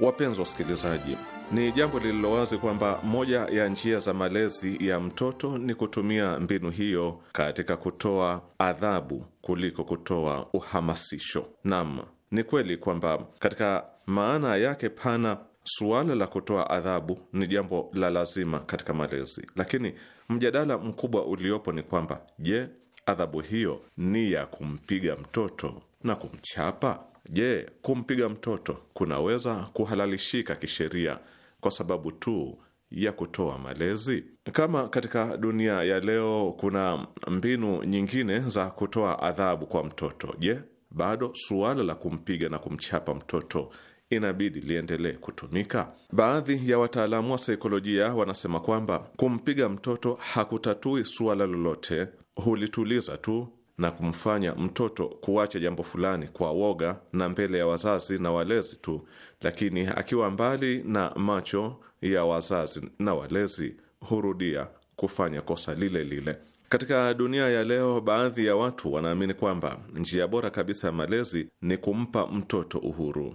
Wapenzi wasikilizaji, ni jambo lililo wazi kwamba moja ya njia za malezi ya mtoto ni kutumia mbinu hiyo katika kutoa adhabu kuliko kutoa uhamasisho. Naam, ni kweli kwamba katika maana yake pana suala la kutoa adhabu ni jambo la lazima katika malezi, lakini mjadala mkubwa uliopo ni kwamba je, adhabu hiyo ni ya kumpiga mtoto na kumchapa Je, kumpiga mtoto kunaweza kuhalalishika kisheria kwa sababu tu ya kutoa malezi? Kama katika dunia ya leo kuna mbinu nyingine za kutoa adhabu kwa mtoto, je, bado suala la kumpiga na kumchapa mtoto inabidi liendelee kutumika? Baadhi ya wataalamu wa saikolojia wanasema kwamba kumpiga mtoto hakutatui suala lolote, hulituliza tu na kumfanya mtoto kuacha jambo fulani kwa woga na mbele ya wazazi na walezi tu, lakini akiwa mbali na macho ya wazazi na walezi hurudia kufanya kosa lile lile. Katika dunia ya leo, baadhi ya watu wanaamini kwamba njia bora kabisa ya malezi ni kumpa mtoto uhuru.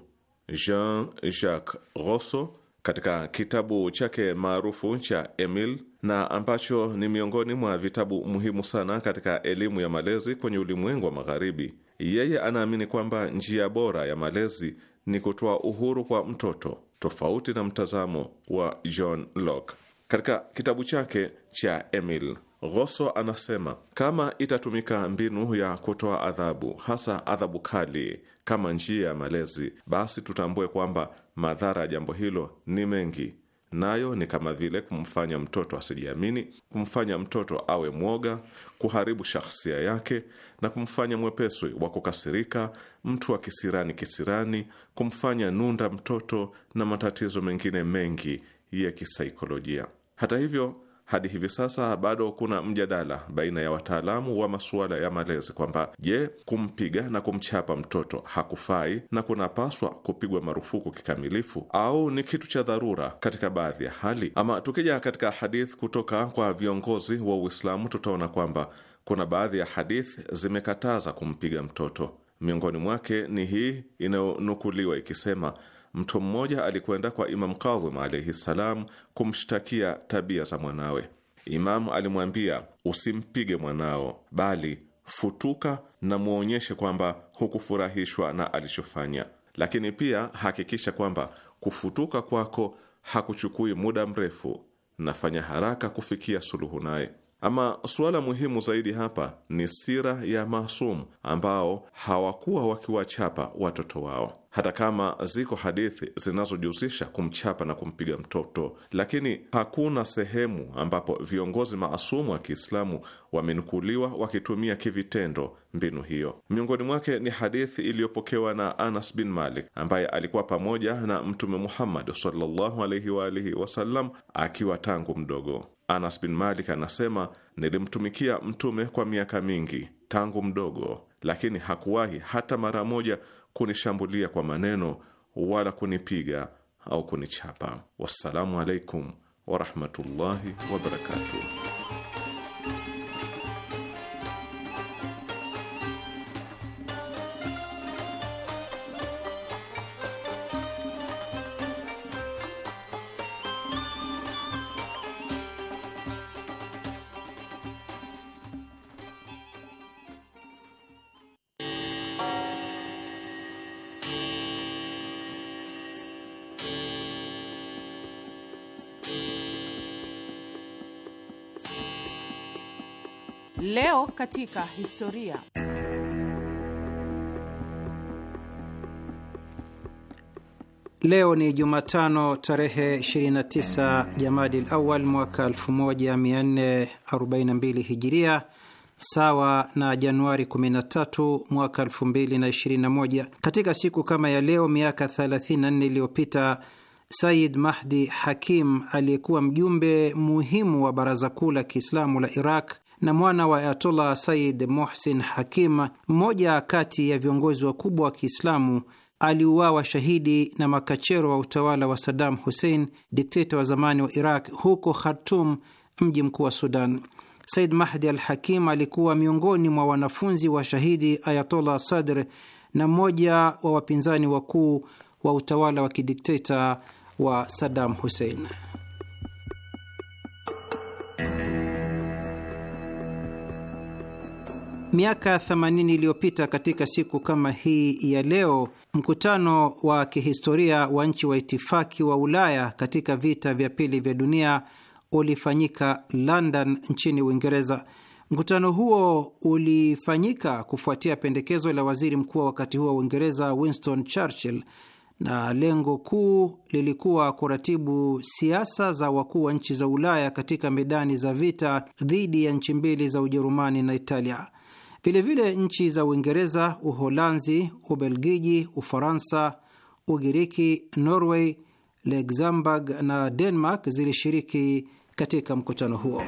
Jean Jacques Rousseau katika kitabu chake maarufu cha Emile na ambacho ni miongoni mwa vitabu muhimu sana katika elimu ya malezi kwenye ulimwengu wa Magharibi. Yeye anaamini kwamba njia bora ya malezi ni kutoa uhuru kwa mtoto, tofauti na mtazamo wa John Locke. Katika kitabu chake cha Emil, Rosso anasema kama itatumika mbinu ya kutoa adhabu, hasa adhabu kali, kama njia ya malezi, basi tutambue kwamba madhara ya jambo hilo ni mengi nayo ni kama vile kumfanya mtoto asijiamini, kumfanya mtoto awe mwoga, kuharibu shahsia yake na kumfanya mwepesi wa kukasirika, mtu wa kisirani kisirani, kumfanya nunda mtoto na matatizo mengine mengi ya kisaikolojia. Hata hivyo hadi hivi sasa bado kuna mjadala baina ya wataalamu wa masuala ya malezi kwamba je, kumpiga na kumchapa mtoto hakufai na kunapaswa kupigwa marufuku kikamilifu au ni kitu cha dharura katika baadhi ya hali. Ama tukija katika hadith kutoka kwa viongozi wa Uislamu, tutaona kwamba kuna baadhi ya hadith zimekataza kumpiga mtoto. Miongoni mwake ni hii inayonukuliwa ikisema mtu mmoja alikwenda kwa Imam Kadhim alaihi ssalam kumshtakia tabia za mwanawe. Imamu alimwambia, usimpige mwanao, bali futuka na mwonyeshe kwamba hukufurahishwa na alichofanya, lakini pia hakikisha kwamba kufutuka kwako hakuchukui muda mrefu, nafanya haraka kufikia suluhu naye. Ama suala muhimu zaidi hapa ni sira ya masum ambao hawakuwa wakiwachapa watoto wao. Hata kama ziko hadithi zinazojihusisha kumchapa na kumpiga mtoto, lakini hakuna sehemu ambapo viongozi maasumu wa Kiislamu wamenukuliwa wakitumia kivitendo mbinu hiyo. Miongoni mwake ni hadithi iliyopokewa na Anas bin Malik ambaye alikuwa pamoja na Mtume Muhammad sallallahu alaihi wa alihi wasallam akiwa tangu mdogo. Anas bin Malik anasema nilimtumikia Mtume kwa miaka mingi tangu mdogo, lakini hakuwahi hata mara moja kunishambulia kwa maneno wala kunipiga au kunichapa. Wassalamu alaikum warahmatullahi wabarakatuh. katika historia. Leo ni Jumatano tarehe 29 Jamadil Awal mwaka 1442 Hijiria, sawa na Januari 13 mwaka 2021. Katika siku kama ya leo miaka 34 iliyopita Said Mahdi Hakim aliyekuwa mjumbe muhimu wa Baraza Kuu la Kiislamu la Iraq na mwana wa Ayatollah Said Mohsin Hakim, mmoja kati ya viongozi wakubwa wa Kiislamu, aliuawa shahidi na makachero wa utawala wa Saddam Hussein, dikteta wa zamani wa Iraq, huko Khartum, mji mkuu wa Sudan. Said Mahdi al Hakim alikuwa miongoni mwa wanafunzi wa shahidi Ayatollah Sadr na mmoja wa wapinzani wakuu wa utawala wa kidikteta wa Saddam Hussein. Miaka 80 iliyopita katika siku kama hii ya leo, mkutano wa kihistoria wa nchi wa itifaki wa Ulaya katika vita vya pili vya dunia ulifanyika London nchini Uingereza. Mkutano huo ulifanyika kufuatia pendekezo la waziri mkuu wa wakati huo wa Uingereza, Winston Churchill, na lengo kuu lilikuwa kuratibu siasa za wakuu wa nchi za Ulaya katika medani za vita dhidi ya nchi mbili za Ujerumani na Italia. Vilevile nchi za Uingereza, Uholanzi, Ubelgiji, Ufaransa, Ugiriki, Norway, Luxembourg na Denmark zilishiriki katika mkutano huo.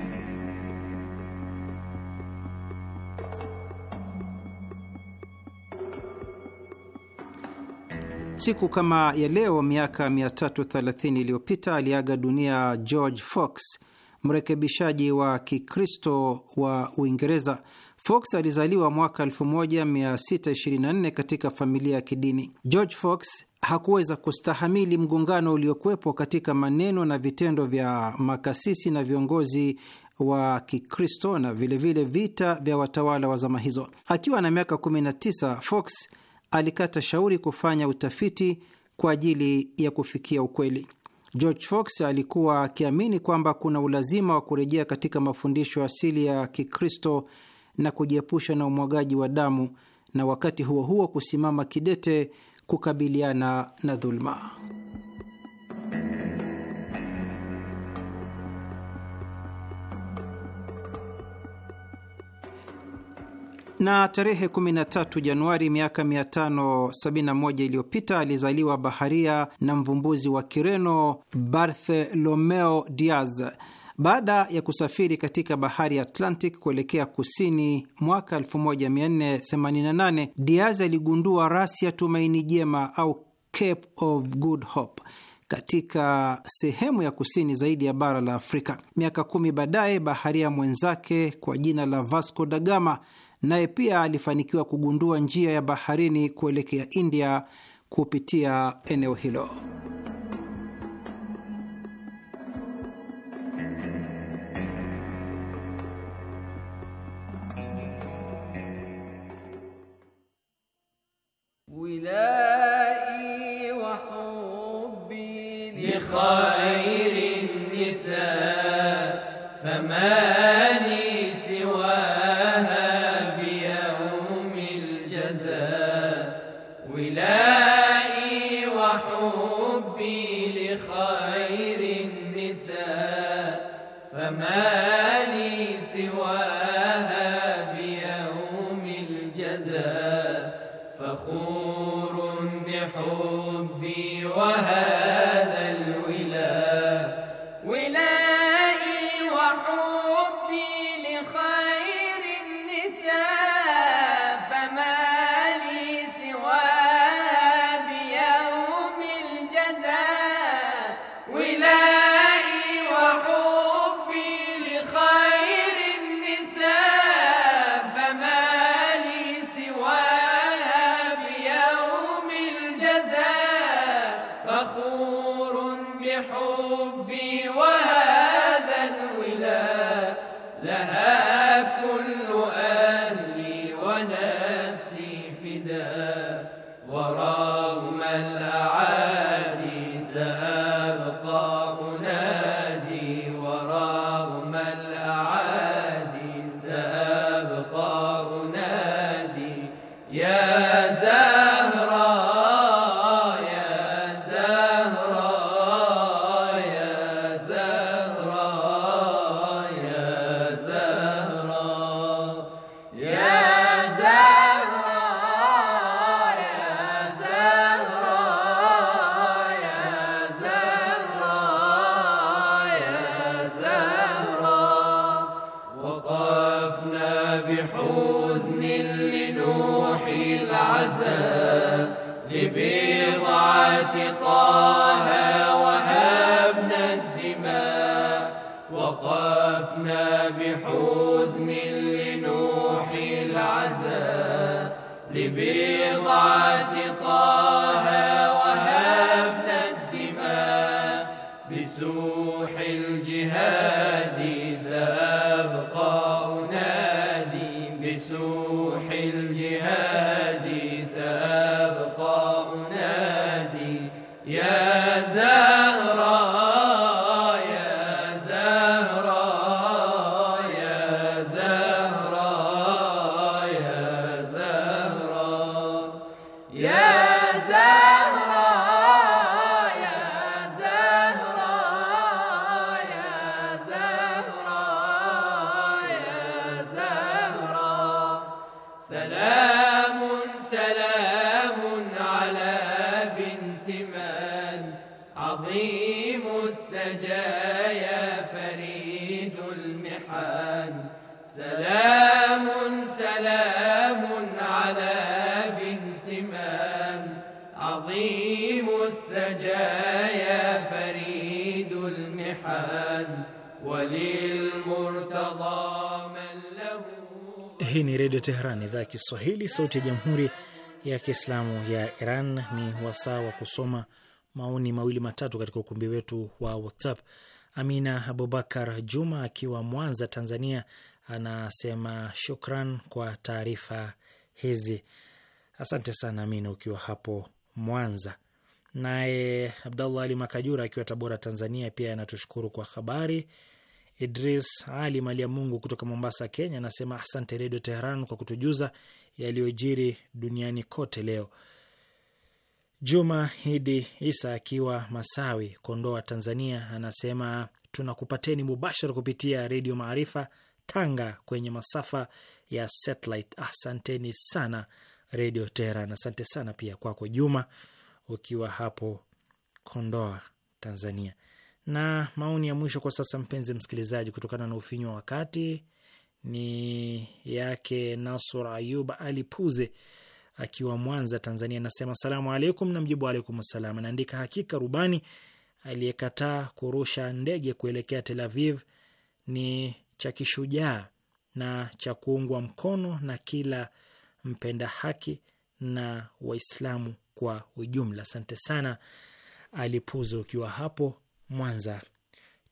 Siku kama ya leo miaka 330 iliyopita aliaga dunia George Fox, mrekebishaji wa Kikristo wa Uingereza. Fox alizaliwa mwaka 1624 katika familia ya kidini. George Fox hakuweza kustahamili mgongano uliokuwepo katika maneno na vitendo vya makasisi na viongozi wa Kikristo na vilevile vile vita vya watawala wa zama hizo. Akiwa na miaka 19, Fox alikata shauri kufanya utafiti kwa ajili ya kufikia ukweli. George Fox alikuwa akiamini kwamba kuna ulazima wa kurejea katika mafundisho asili ya Kikristo na kujiepusha na umwagaji wa damu na wakati huo huo kusimama kidete kukabiliana na dhuluma. Na tarehe 13 Januari miaka 571 iliyopita alizaliwa baharia na mvumbuzi wa Kireno Bartholomeo Diaz baada ya kusafiri katika bahari ya Atlantic kuelekea kusini mwaka 1488 Diaz aligundua rasi ya Tumaini Jema au Cape of Good Hope katika sehemu ya kusini zaidi ya bara la Afrika. Miaka kumi baadaye, baharia mwenzake kwa jina la Vasco da Gama naye pia alifanikiwa kugundua njia ya baharini kuelekea India kupitia eneo hilo. إلهي وحبي لخالقي Hii ni Redio Teheran, idhaa ya Kiswahili, sauti ya Jamhuri ya Kiislamu ya Iran. Ni wasaa wa kusoma maoni mawili matatu katika ukumbi wetu wa WhatsApp. Amina Abubakar Juma akiwa Mwanza, Tanzania, anasema shukran kwa taarifa hizi. Asante sana Amina, ukiwa hapo Mwanza. Naye Abdallah Ali Makajura akiwa Tabora, Tanzania, pia anatushukuru kwa habari Idris Ali Malia Mungu kutoka Mombasa, Kenya, anasema asante Redio Teheran kwa kutujuza yaliyojiri duniani kote leo. Juma Hidi Isa akiwa Masawi, Kondoa, Tanzania, anasema tunakupateni mubashara kupitia Redio Maarifa Tanga kwenye masafa ya satellite. Asanteni sana Redio Teheran. Asante sana pia kwako Juma ukiwa hapo Kondoa, Tanzania. Na maoni ya mwisho kwa sasa, mpenzi msikilizaji, kutokana na ufinyu wa wakati ni yake Nasur Ayub Ali Puze akiwa Mwanza, Tanzania. Nasema salamu alaikum, na mjibu alaikum salam. Anaandika, hakika rubani aliyekataa kurusha ndege kuelekea Tel Aviv ni cha kishujaa na cha kuungwa mkono na kila mpenda haki na Waislamu kwa ujumla. Asante sana Alipuza ukiwa hapo Mwanza,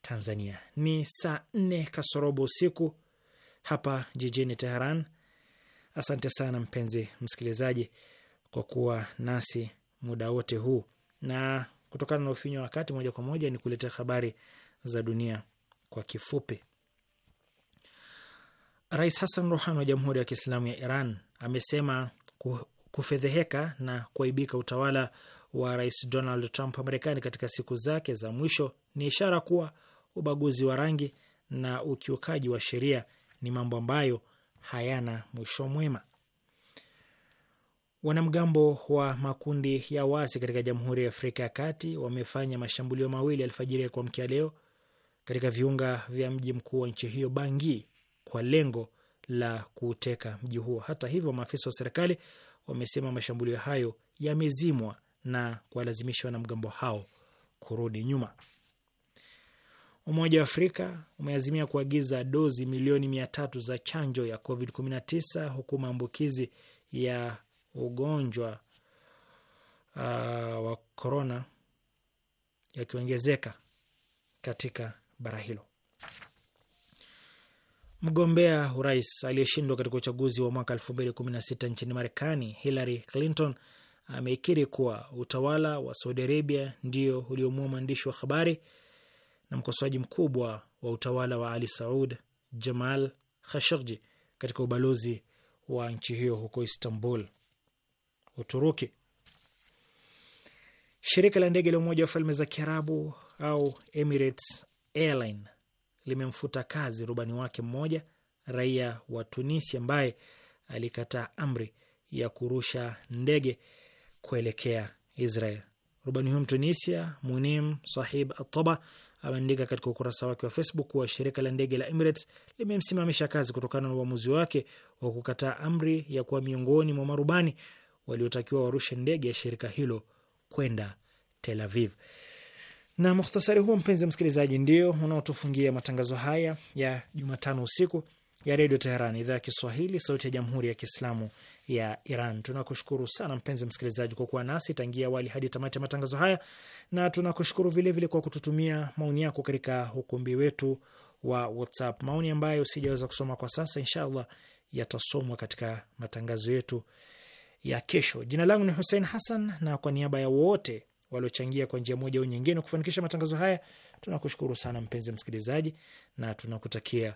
Tanzania. Ni saa nne kasorobo usiku hapa jijini Teheran. Asante sana mpenzi msikilizaji kwa kuwa nasi muda wote huu, na kutokana na ufinyo wa wakati, moja kwa moja ni kuletea habari za dunia kwa kifupi. Rais Hassan rohan wa Jamhuri ya Kiislamu ya Iran amesema kufedheheka na kuaibika utawala wa rais Donald Trump wa Marekani katika siku zake za mwisho ni ishara kuwa ubaguzi wa rangi na ukiukaji wa sheria ni mambo ambayo hayana mwisho mwema. Wanamgambo wa makundi ya wasi katika Jamhuri ya Afrika ya Kati wamefanya mashambulio mawili alfajiri ya kuamkia leo katika viunga vya mji mkuu wa nchi hiyo Bangi, kwa lengo la kuuteka mji huo. Hata hivyo, maafisa wa serikali wamesema mashambulio hayo yamezimwa na kuwalazimisha wanamgambo hao kurudi nyuma. Umoja wa Afrika umeazimia kuagiza dozi milioni mia tatu za chanjo ya COVID-19 huku maambukizi ya ugonjwa uh, wa korona yakiongezeka katika bara hilo. Mgombea urais aliyeshindwa katika uchaguzi wa mwaka 2016 nchini Marekani, Hillary Clinton amekiri kuwa utawala wa Saudi Arabia ndio uliomua mwandishi wa habari na mkosoaji mkubwa wa utawala wa Ali Saud Jamal Khashoggi katika ubalozi wa nchi hiyo huko Istanbul, Uturuki. Shirika la ndege la Umoja wa Falme za Kiarabu au Emirates Airline limemfuta kazi rubani wake mmoja, raia wa Tunisia, ambaye alikataa amri ya kurusha ndege kuelekea Israel. Rubani huyu Mtunisia Munim Sahib Atoba ameandika katika ukurasa wake wa Facebook kuwa shirika la ndege la Emirates limemsimamisha kazi kutokana na uamuzi wake wa kukataa amri ya kuwa miongoni mwa marubani waliotakiwa warushe ndege ya shirika hilo kwenda Tel Aviv. Na mukhtasari huo, mpenzi msikilizaji, ndio unaotufungia matangazo haya ya Jumatano usiku ya Redio Teheran, idhaa ya Kiswahili, sauti ya Jamhuri ya Kiislamu ya Iran. Tunakushukuru sana mpenzi msikilizaji kwa kuwa nasi tangia awali hadi tamati ya matangazo haya, na tunakushukuru vilevile kwa kututumia maoni yako katika ukumbi wetu wa WhatsApp, maoni ambayo sijaweza kusoma kwa sasa. Inshallah yatasomwa katika matangazo yetu ya kesho. Jina langu ni Hussein Hassan, na kwa niaba ya wote waliochangia kwa njia moja au nyingine kufanikisha matangazo haya, tunakushukuru sana mpenzi msikilizaji, na tunakutakia